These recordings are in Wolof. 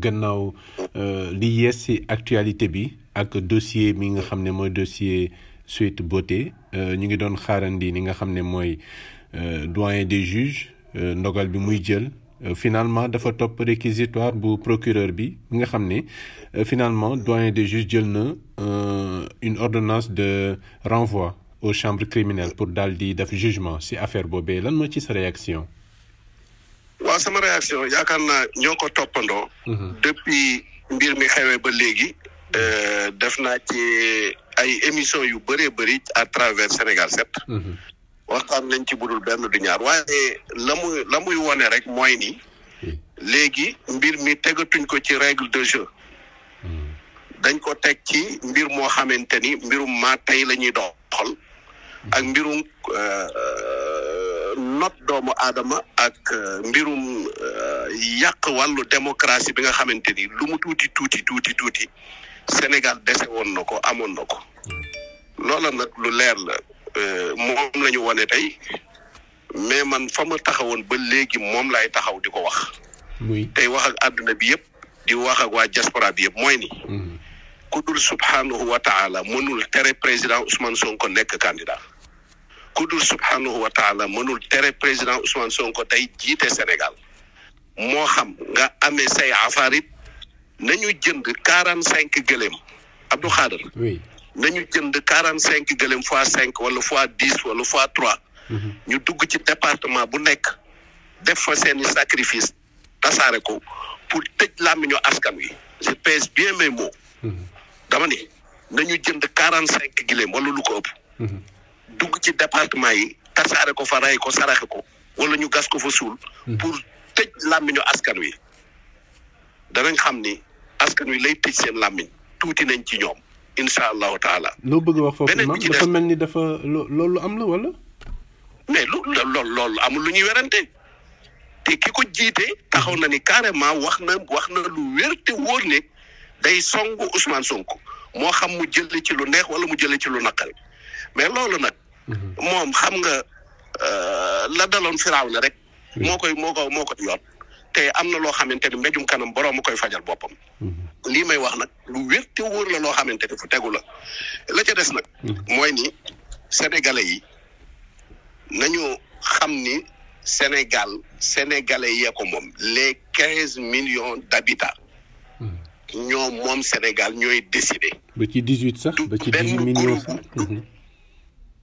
gannaaw euh, li yees ci actualité bi ak dossier mi nga xam ne mooy dossier Sweet Beauté euh, ñu ngi doon xaarandi li nga xam ne mooy euh, doyen des juges ndogal bi muy jël finalement dafa topp réquisitoire bu procureur bi mi nga xam ne finalement doyen des juges jël na une ordonnance de renvoi aux chambres criminelles pour dal di def jugement ci affaire boobee lan moo ci sa réaction waaw sama réaction yaakaar naa ñoo ko toppandoo. Mhm. depuis mbir mi xewee ba léegi. Euh, def naa ci ay émission yu bëree bëri à travers Sénégal 7. Mhm. waxtaan nañ ci budul benn du ñaar waaye la muy la muy wone rek mooy ni. léegi mbir mi tegatuñ ko ci règle de jeu. Mhm. dañ ko teg ci mbir moo xamante ni mbirum maa tey la ñuy doxal. ak mbirum. Euh, not doomu aadama ak euh, mbirum euh, yàq wàllu démocratie bi nga xamante ni lu mu tuuti tuuti tuuti tuuti Sénégal dese woon na ko amoon na ko loola nag lu leer la euh, moom la ñu wane tey mais man fa ma taxawoon ba léegi moom lay taxaw di ko wax tey wax ak àdduna bi yëpp di wax ak waa diaspora bi yëpp mooy ni mm. ku dul subhanahu wa taala mënul tere président son Sonko nekk candidat kudul subhanahu wa mënul tere président Ousmane Sonko tey jiite Sénégal moo xam nga ame sey say afarit nañu jënd quarante cinq gëléem Abdou Khader nañu jënd quarante cinq gëléem fois cinq wala fois dix wala fois trois mhm. ñu dugg ci département bu nekk def fa seeni sacrifice tasaare ko pour tëj làmmiñu askan wi je pèse bien mes mots mhm. dama ne nañu jënd quarante cinq gëléem wala lu ko ëpp mhm. dugg ci département yi tasaare ko fa ray ko saraxe ko wala ñu gas ko fa suul hmm. pour tëj làmmiñu askan wi danañ xam ni askan wi lay tëj seen làmmiñ tuuti nañ ci ñoom incha allahu taala loo bëgg wax foofu beneen ci dafa mel ni dafa loolu am la wala mais lool loolu amul lu ñuy werante te ki ko jiite taxaw na ni carrément wax na wax na lu wér te wóor ne day songu Ousmane Sonko moo xam mu jële ci lu neex wala mu jële ci lu naqari mais loolu nag Mm-hmm. moom xam nga euh, la daloon firaaw na rek. moo koy moo ko moo koy yoon. te am na loo xamante ni mbéjum kanam borom a koy fajal boppam. Mm-hmm. lii may wax nag lu wér te wóor la loo xamante ni fu tegu la la ca des nag. Mm-hmm. mooy ni sénégalais yi nañu xam ni Sénégal sénégalais yee ko moom les quinze millions d'habitants. ñoo moom Sénégal ñooy décider. ba ci dix huit sax ba ci dix millions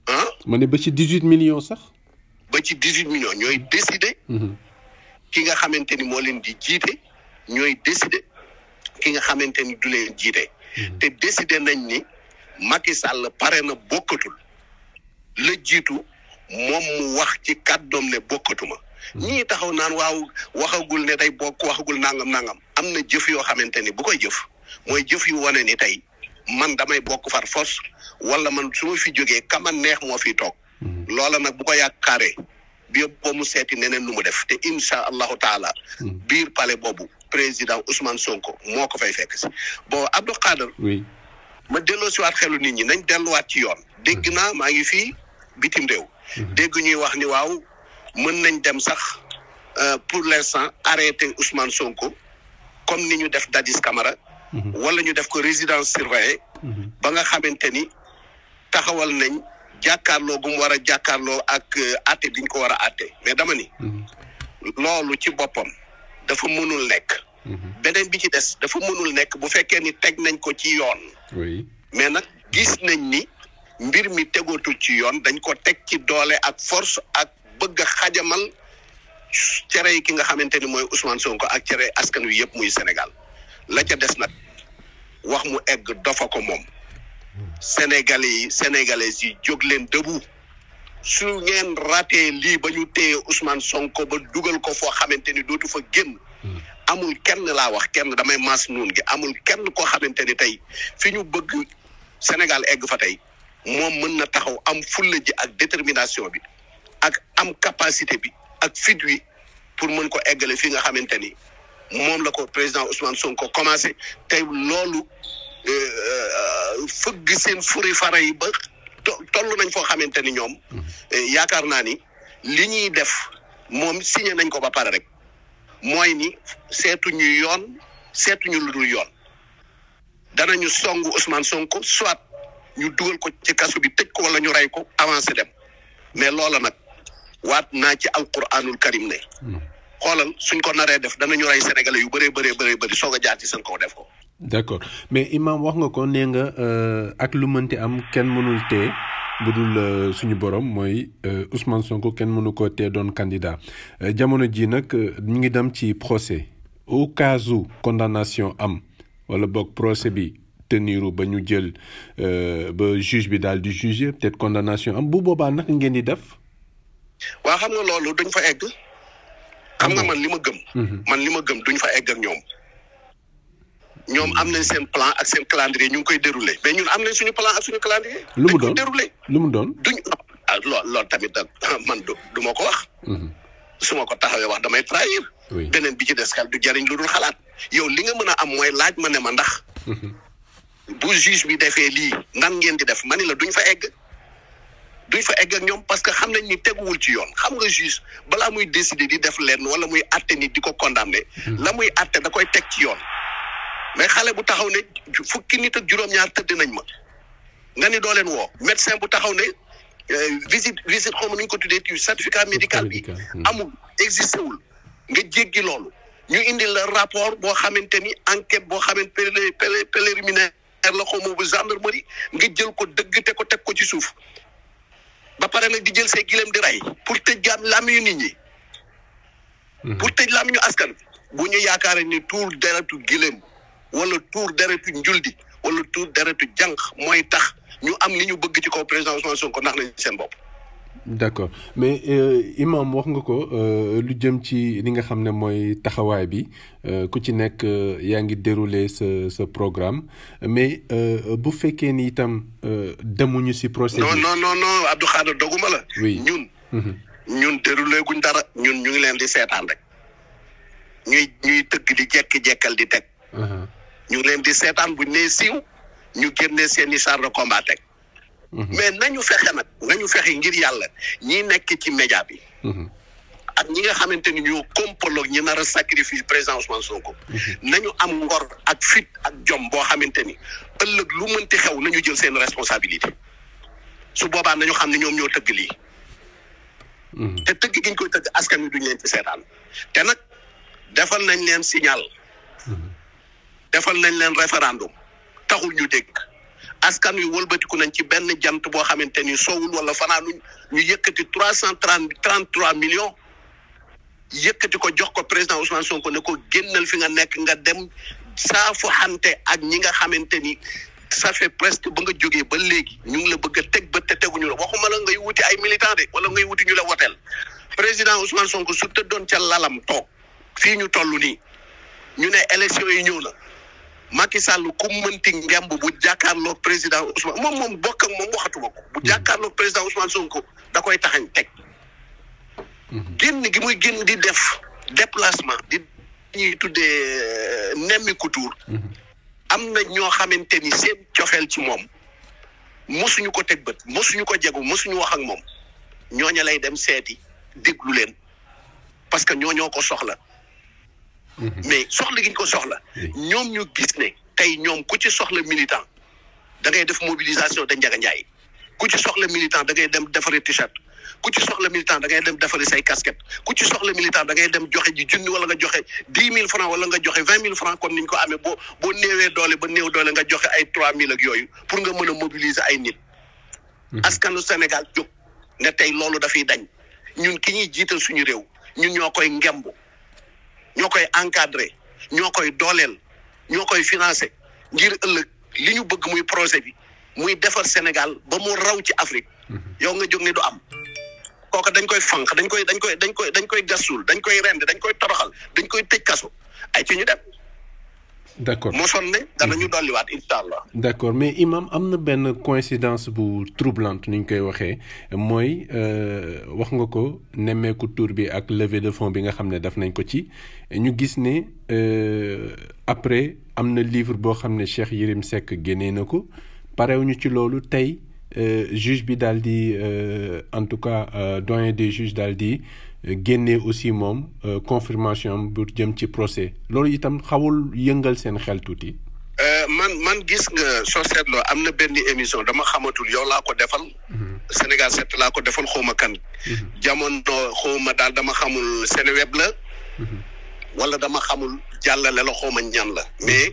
ah. ma ne ba ci dix huit millions sax. ba ci dix huit millions ñooy décider. Mhm. ki nga xamante ni moo leen di jiite ñooy décider ki nga xamante ni du leen jiite. Mhm. te décider nañ ni Macky pare na bokkatul la jiitu moom mu wax ci kàddoom ne bokkatuma. Mhm. ñii taxaw naan waaw waxagul ne day bokk waxagul nangam nangam. am na jëf yoo xamante ni bu koy jëf mooy jëf yu wane ni tey man damay bokk far force wala man su ma fi jógee kaman neex moo fi toog mm-hmm. loola nag bu ko yaakaaree bi boo mu seeti neneen lu mu def te insha allahu taala mm-hmm. biir palais boobu président Ousmane Sonko moo ko fay fekk si boo Abdou Khadre ma delloo waat xelu nit ñi nañ delluwaat ci yoon dégg mm-hmm. naa maa ngi fii bitim réew dégg ñuy wax ni waaw mën nañ dem sax euh, pour le l'instant arrêter Ousmane Sonko comme ni ñu def Dadis kamara Mm-hmm. wala ñu def ko résidence surveillée. Mm-hmm. ba nga xamante ni taxawal nañ jàkkaarloogum gu mu war a jàkkaarloo ak àtte euh, bi ko war a àtte mais dama ni. Mm-hmm. loolu ci boppam dafa mënul nekk. beneen bi ci des dafa mënul nekk bu fekkee ni teg nañ ko ci yoon. mais nag gis nañ ni mbir mi tegootul ci yoon dañ ko teg ci doole ak force ak bëgg a xajamal cere yi ki nga xamante ni mooy Ousmane Sonko ak cere askan wi yëpp muy Sénégal. la ca des nag wax mu egg dafa ko moom sénégalais yi sénégalais yi jóg leen debout su ngeen rate lii ba ñu téye Ousmane Sonko ba dugal ko foo xamante ni dootu fa génn amul kenn laa wax kenn damay maas noon gi amul kenn koo xamante ni tey fi ñu bëgg Sénégal egg fa tey moom mën na taxaw am fulla ji ak détermination bi ak am capacité bi ak fit wi pour mën ko eggale fi nga xamante ni moom la ko président Ousmane Sonko commencé tey loolu euh, euh, fëgg seen furi fara yi ba toll nañ foo xamante ni ñoom euh, yaakaar naa ni li ñuy def moom signé nañ ko ba pare rek mooy ni seetuñu yoon seetuñu lu dul yoon danañu songu Ousmane Sonko soit ñu dugal ko ci kasu bi teg ko wala ñu rey ko avancé dem mais loola nag waat naa ci alquranul karim ne xoolal suñ ko naree def danañu rey sénégalais yu bëree bëree bëree bëri soog a jaar ci seen kaw def ko. d' mais Imaam wax nga ko nee nga euh, ak lu mënti am kenn mënul tee bu dul euh, suñu borom mooy euh, Ousmane Sonko kenn mënu ko tee doon candidat jamono ji nag ñu ngi dem ci procès au cas où condamnation am wala boog procès bi. teniru ba ñu jël ba juge bi daal di juger peut-être condamnation am bu boobaa naka ngeen di def. waa xam nga loolu duñ fa egg. xam na man li ma gëm. Mhm. man li ma gëm duñ fa egg ak ñoom. ñoom am nañ seen plan ak seen calendrier ñu ngi koy déroulé mais ñun am nañ suñu plan ak suñu calendrier. lu mu doon déroulé lu doon. duñ ah, lool loolu tamit man du du ma ko wax. Mhm. su ma ko taxawee wax damay trahir. beneen bi ci des kal du jariñ lu dul xalaat. yow li nga mën a am mooy laaj ma ne ma ndax. Mhm. bu juge bi defee lii ngan ngeen di def mani la duñ fa egg. duñ fa egg ak ñoom parce que xam nañ ni teguwul ci yoon xam nga juge balaa muy décider di def leen wala muy àtte ni di ko condamné. Hmm. la muy àtte da koy teg ci yoon. mais xale bu taxaw ne fukki nit ak juróom-ñaar tëdd nañ ma nga ni doo leen woo médecin bu taxaw ne euh, visite visite xaw ma nu ñu ko tuddee ci certificat médical bi hmm. amul existé wul nga jéggi loolu ñu indi la rapport boo xamante ni enquête boo xamante pré préliminaire la xaw ma bu gendarmerie nga jël ko dëgg te ko teg ko ci suuf ba pare nag di jël see gileem di rey pour tëj gaam làmmiñu nit ñi. Hmm. pour tëj làmmiñu askan bu ñu yaakaare ni tuur deretu gileem wala tuur deretu njuldi wala tuur deretu jànq mooy tax ñu am li ñu bëgg ci ko kaw président Ousmane Sonko ndax nañ seen bopp. d'accord mais euh, imam wax nga ko euh, lu jëm ci li nga xam ne mooy taxawaay bi euh, ku ci nekk yaa ngi dérouler sa sa programme mais bu fekkee ni itam demuñu si procès non non non non Abdou Khadre doguma la ñun mhm. ñun déroulé guñ dara ñun ñu ngi leen di seetaan rek ñuy ñuy tëgg di jekki-jekkal di teg ñu ngi leen di seetaan buñ nee siiw ñu génnee seen i char Mhm. mais nañu fexe nag nañu fexe ngir yàlla ñi nekk ci média bi. Mhm. ak ñi nga xamante ni ñoo complot ñu nar a sacrifice président Ousmane mhm. nañu am ngor ak fit ak jom boo xamante ni ëllëg lu mënti xew nañu jël seen responsabilité su boobaan nañu xam ne ñoom ñoo tëgg lii. te tëgg gi ñu koy tëgg askan wi duñ leen ci seetaan te nag defal nañ leen signal. defal nañ leen référendum taxul ñu dégg. askan wi wëlbatiku nañ ci benn jant boo xamante ni soowul wala fanaanuñ ñu yëkkati trois cent trente trente trois millions yëkkati ko jox ko président Ousmane Sonko ne ko génnal fi nga nekk nga dem saafu xante ak ñi nga xamante ni ça fait presque ba nga jógee ba léegi ñu ngi la bëgg teg ba te teguñu la waxuma la ngay wuti ay militant de wala ngay wuti ñu la wotel président Ousmane Sonko su tëddoon ca lalam toog fii ñu toll nii ñu ne élection yi ñëw na. Macky Sall ku mënti ngemb bu jàkkaarloog président Ousmane moom moom bokk ak moom waxatuma ko. bu mhm. jàkkaarloog président Ousmane ko da koy taxañ teg. Mhm. génn gi muy génn di def déplacement di ñuy tuddee euh, nemmiku tuur. Mhm. am na ñoo xamante ni seen cofeel ci moom mosuñu ko teg bët mosuñu ko jegu mosuñu wax ak moom ñooña lay dem seeti déglu leen parce que ñooñoo ko soxla. Mm-hmm. mais soxla gi ñu ko soxla. ñoom ñu gis ne tey ñoom ku ci soxla militant da ngay def mobilisation da Ndiaga Ndiaye ku ci soxla militant da ngay dem defari t-shirt ku ci soxla militant da ngay dem defari say casquette ku ci soxla militant da ngay dem joxe ji junni wala nga joxe dix mille francs wala nga joxe vingt mille francs comme ni ko amee boo boo néewee doole ba néew doole nga joxe ay trois mille ak yooyu pour nga mën a mobiliser ay nit. Mm-hmm. askanu Sénégal jóg ne tey loolu dafay dañ ñun ki ñuy jiital suñu réew ñun ñoo koy ngemb. ñoo koy encadré ñoo koy dooleel ñoo koy financé ngir ëllëg li ñu bëgg muy projet bi muy defar Sénégal ba mu raw ci Afrique mhm. yow nga jóg ni du am kooka dañ koy fànq dañ koy dañ koy dañ koy dañ koy gasul dañ koy rend dañ koy toroxal dañ koy tëj ay ci ñu dem d' accord mu sonne danañu mhm. dolliwaat incha allah. d' accord mais imam am na benn coïncidence bu troublant ni ñu koy waxee mooy euh, wax nga ko nemmeeku tour bi ak levée de fonds bi nga xam ne def nañ ko ci ñu gis ne euh, après am na livre boo xam ne Cheikh Yérim Seck génnee na ko parewuñu ci loolu tey euh, juge bi daal di en tout cas doyen des juges daal di. Euh, génne aussi moom euh, confirmation am bu jëm ci procès loolu itam xawul yëngal seen xel tuuti. Euh, man man gis nga soo seetloo am na benn émission dama xamatul yow laa ko defal. Mhm. Sénégal set laa ko defal xawma kan. jamon mhm. jamono xawma daal dama xamul Seneweb la. Mhm. wala dama xamul jàllale la xawma ñan la mais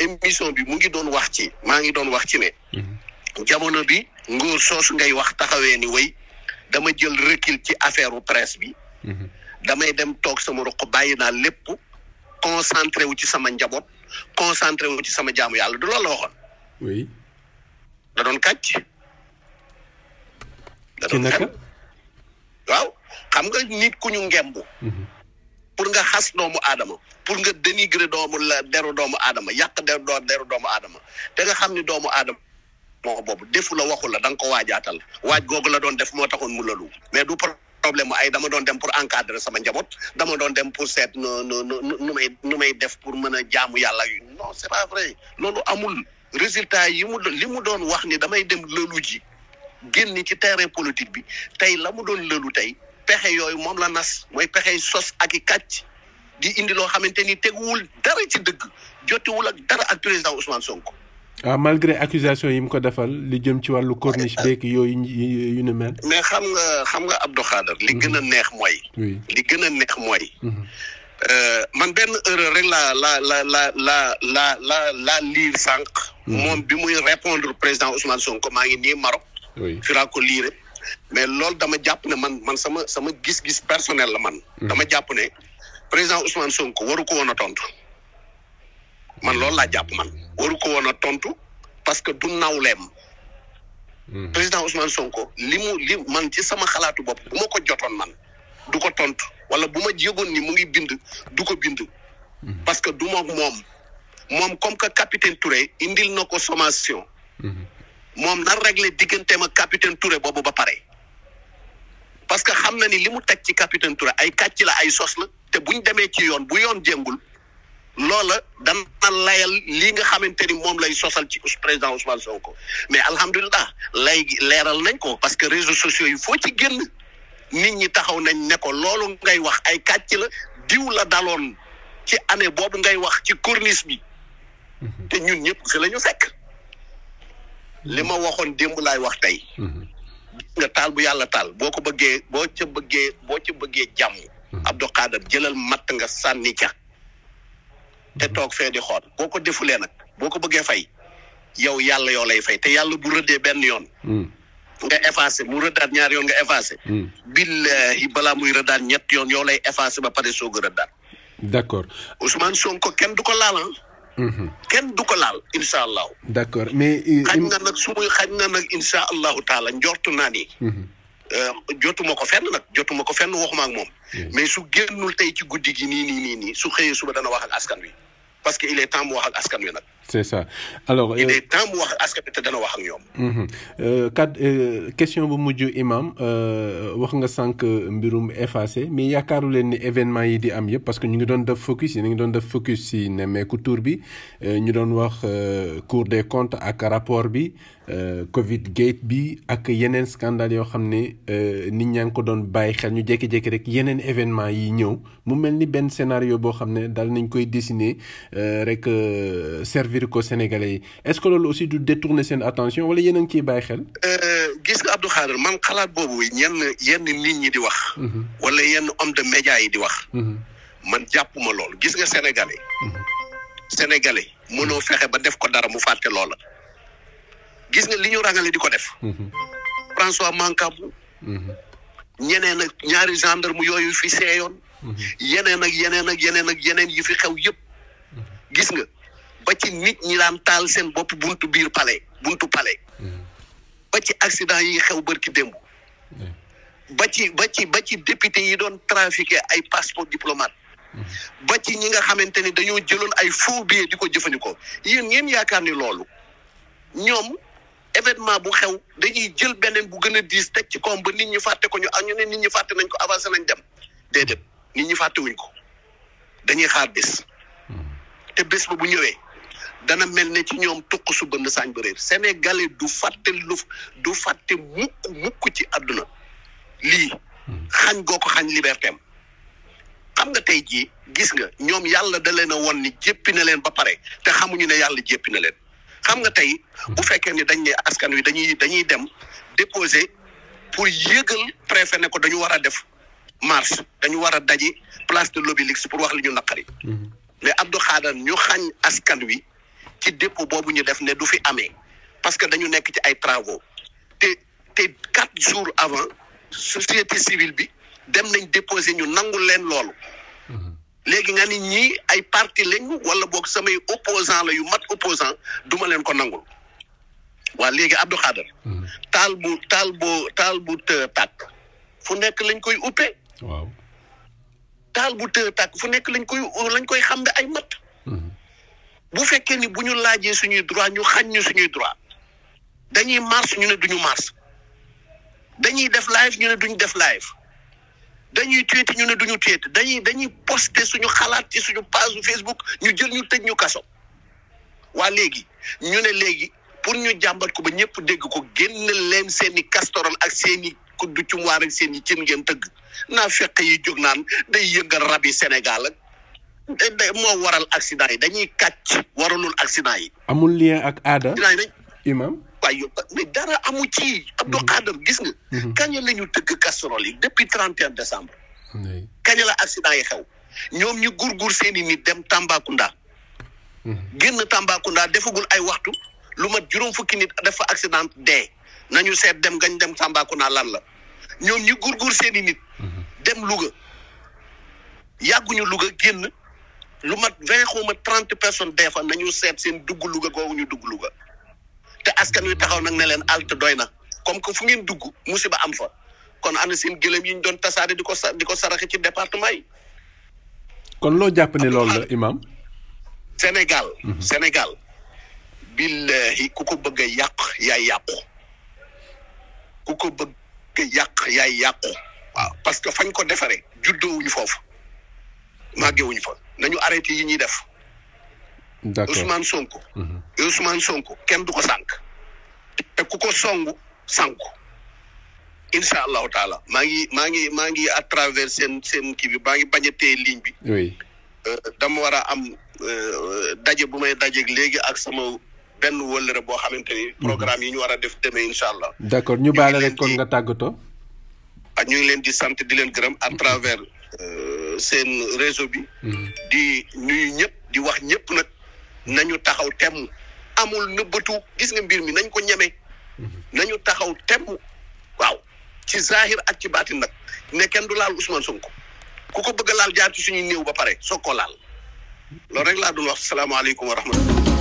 émission bi mu ngi doon wax ci maa ngi doon wax ci ne. jamono bi nguur soosu ngay wax taxawee ni way dama jël recul ci affaire u presse bi mhm. damay dem toog sama ruq bàyyi naa lépp concentré wu ci sama njaboot concentré wu ci sama jaamu yàlla du loolu la waxoon oui da doon kàcc waaw xam nga nit ku ñu ngemb mhm. pour nga xas doomu aadama pour nga dénigrer doomu la deru doomu aadama yàq deru doomu aadama te nga xam ni doomu aadama moo boobu defu la waxu la da ko waajaatal waaj googu la doon def moo taxoon mu lalu mais du problème ay dama doon dem pour encadrer sama njaboot dama doon dem pour seet nu nu nu may nu may def pour mën a jaamu yàlla yu non c'est pas vrai loolu amul résultat yi li mu doon wax ni damay dem lëlu ji génn ci terrain politique bi tey la mu doon lëlu tey pexe yooyu moom la nas mooy pexe sos ak i kàcc di indi loo xamante ni teguwul dara ci dëgg jotiwul ak dara ak a Ousmane Sonko waaw ah, malgré accusation yi mu ko defal li jëm ci wàllu corniche ah, beeg yooyu yu ni mel. mais xam nga xam nga Abdou Khader. Mhm. li gën a neex mooy. li gën a neex mooy. man benn erreur rek la la la la la la la la liir sànq. Mhm. moom bi muy répondre président Ousmane sonk maa ngi nii Maroc. oui liire mais loolu dama jàpp ne man man sama sama gis-gis personnel la man. Mhm. dama jàpp ne président Ousmane Sonko waru ko woon a tontu. man loolu laa jàpp man waru ko woon a tontu parce que du nawleem. Hmm. président Ousmane Sonko li mu li man ci sama xalaatu bopp bu ma ko jotoon man du ko tontu wala bu ma yëgoon ni mu ngi bind du ko bind. Hmm. parce que du ma moom moom comme que capitaine Touré indil na ko sommation. Hmm. moom na réglé digganteem ak capitaine Touré boobu ba pare. parce que xam na ni li mu teg ci capitaine Touré ay kàcc la ay sos la te buñ demee ci yoon bu yoon jëngul loola dana layal lii nga xamante ni moom lay sosal ci président Ousmane ko mais alhamdulilah lay leeral nañ ko parce que réseaux sociaux yi foo ci génn nit ñi taxaw nañ ne ko loolu ngay wax ay kàcc la diw la daloon ci année boobu ngay wax ci corniche bi mhm. te ñun ñëpp fi lañu fekk mhm. li ma waxoon démb laay wax tey mhm. nga taal bu yàlla taal boo ko bëggee boo ca bëggee boo ca bëggee jàmm Abdou Khadre jëlal matt nga sànni ca te toog fee di xool boo ko defulee nag boo ko bëggee fay yow yàlla yoo lay fay te yàlla bu rëddee benn yoon. Hmm. nga effacé mu rëddaat ñaari yoon nga effacé. Hmm. billahi balaa muy rëddaat ñett yoon yow lay effacé ba pare soo a rëddaat. d'accord Ousmane Sonko kenn du ko laal ah. hmm. kenn du ko laal incha allahu. d'accord mais. Euh, xañ na nag su muy xañ na nag incha allahu taala njortu naa ni. Euh, jotuma ko fenn nag jotuma ko fenn waxuma ak moom. Mm. mais su génnul tey ci guddi gi nii nii nii nii su xëyee suba dana wax askan wi parce que il est temps mu ak askan wi nag. c'est ça alors. il euh, est temps mu wax askan te dana wax ak ñoom. kat mhm. euh, euh, question bu mujj imam wax nga sànq mbirum effacé mais yaakaaru leen ni événement yi di am yëpp parce que ñu ngi doon def focus yi ñu ngi doon def focus si nemmeeku tour bi ñu doon wax Cour de comptes ak rapport bi Covid gate bi ak yeneen scandale yoo xam ne nit ñaa ngi ko doon bàyyi xel ñu jékki-jékki rek yeneen événement yi ñëw mu mel ni benn scénario boo xam ne dal nañ koy dessiner rek Américo-Sénégalais yi est-ce que loolu aussi du détourner seen attention wala yéen a bàyyi xel. Euh, gis nga Abdou Khadre man xalaat boobu yenn yenn nit ñi di wax. Mhm. wala yenn homme de média yi di wax. Mhm. man jàppuma loolu gis nga sénégalais. Mhm. sénégalais mënoo fexe ba def ko dara mu fàtte loola. gis nga li ñu rangale di ko def. François Mancabou. ñeneen ak ñaari gendarme yooyu fi seeyoon. yeneen ak yeneen ak yeneen yi fi xew yëpp. gis nga ba ci nit ñi daan taal seen bopp buntu biir palais buntu pale ba ci accident yi xew bërki démb ba ci ba ci ba ci député yi doon trafiqué ay passeport diplomate ba ci ñi nga xamante ni dañoo jëloon ay faux billets di ko jëfandikoo yéen ngeen yaakaar ni loolu ñoom événement bu xew dañuy jël beneen bu gën a diis teg ci koom ba nit ñi fàtte ko ñu ak ñu ne nit ñi fàtte nañ ko avancé nañ dem déedéet nit ñi fàtte ko dañuy xaar bés hmm. te bés ba bu ñëwee dana mel ni ci ñoom tuq su bënn saañ ba réer sénégalais du fàtte lu du fàtte mukk mukk ci àdduna lii xañ goo ko xañ liberté xam nga tey jii gis nga ñoom yàlla da leen a won ni jéppi na leen ba pare te xamuñu ne yàlla jéppi na leen xam nga tey bu fekkee ni dañ ne askan wi dañuy dañuy dem déposé pour yëgal préfet ne ko dañu war a def marche dañu war a daje place de l'Obélisque pour wax li ñu naqari mhm. mais Abdou Khadre ñu xañ askan wi ci dépôt boobu ñu def ne du fi amee parce que dañu nekk ci ay travaux te te quatre jours avant société civile bi dem nañ déposer ñu nangul leen loolu léegi nga ni ñii ay parti lañu wala boog samay opposant la yu mat opposant duma leen ko nangul waa léegi Abdou Khader taal bu taal bu taal bu të tàkk fu nekk lañ koy uppee taal bu të tàkk fu nekk lañ koy lañ koy xam ne ay mat mm-hmm. bu fekkee ni bu ñu laajee suñuy droit ñu xañ ñu suñuy droit dañuy marche ñu ne duñu marche dañuy def live ñu ne duñu def live dañuy tweet ñu ne duñu tweet dañuy dañuy poster suñu xalaat ci suñu page Facebook ñu jël ñu tëj ñu kaso waa léegi ñu ne léegi pour ñu jàmbat ko ba ñëpp dégg ko génn leen seeni castorol ak seeni kuddu cumwaar ak seeni cin ngeen tëgg naa fekk yi jóg naan day yëngal rab yi Sénégal ak moo waral accident yi dañuy kàcc waralul accident yi. amul lien ak aada. imam waay yow mais dara amu ci. Abdou mhm. Khadre gis nga. Mhm. kañ la ñu tëgg casserole yi depuis trente et un décembre. la accident yi xew ñoom ñu gurgur seen seeni nit dem Tambacounda. Mhm. génn Tambacounda defagul ay waxtu lu mat juróom fukki nit dafa accident dee nañu seet dem gañ dem Tambacounda lan la ñoom ñu gurgur seen i nit. dem Louga yàgguñu Louga génn. lu mat vingt xawma trente personnes dee fa nañu seet seen dugg Louga googu ñu dugg luga te askan wi taxaw nag ne leen alt doy na comme que fu ngeen dugg musiba am fa kon ana seen gëlëm yi ñu doon tasaare di ko sa di ko saraxe ci département yi. kon loo jàpp ne loolu la imam Sénégal. Mhm. Sénégal. billahi ku ko bëgg a yàq yaay yàqu ku ko bëgg a yàq yaay yàqu. waaw parce que fañ ko defaree. juddoo wuñu foofu. màggewuñu fa nañu arrêté yi ñuy def. d'accord Ousmane Sonko. Mhm. Ousmane kenn du ko sànq. te ku ko songu sànku. insha allahu taala maa ngi maa ngi maa ngi à travers seen seen kii bi maa ngi bañ a téye bi. oui euh, dama war a am euh, daje bu may dajeeg léegi ak sama benn wëllëre boo xamante ni. Mhm. programme yi ñu war a def demee incha allah. d'accord ñu baale rek kon nga tàggatoo. Ah, ñu ngi leen di sant di leen gërëm à mhm. travers. Euh, seen réseau bi. Hmm. di nuyu ñëpp di wax ñëpp nag nañu taxaw temm amul nëbbatu gis nga mbir mi nañ ko ñeme. Hmm. nañu taxaw temm waaw ci zahir ak ci baatin nag ne kenn du laal Ousmane Sonko ku ko bëgg laal jaar ci suñuy néew ba pare soog ko laal loolu rek laa doon wax salaamaaleykum wa rahmatulah.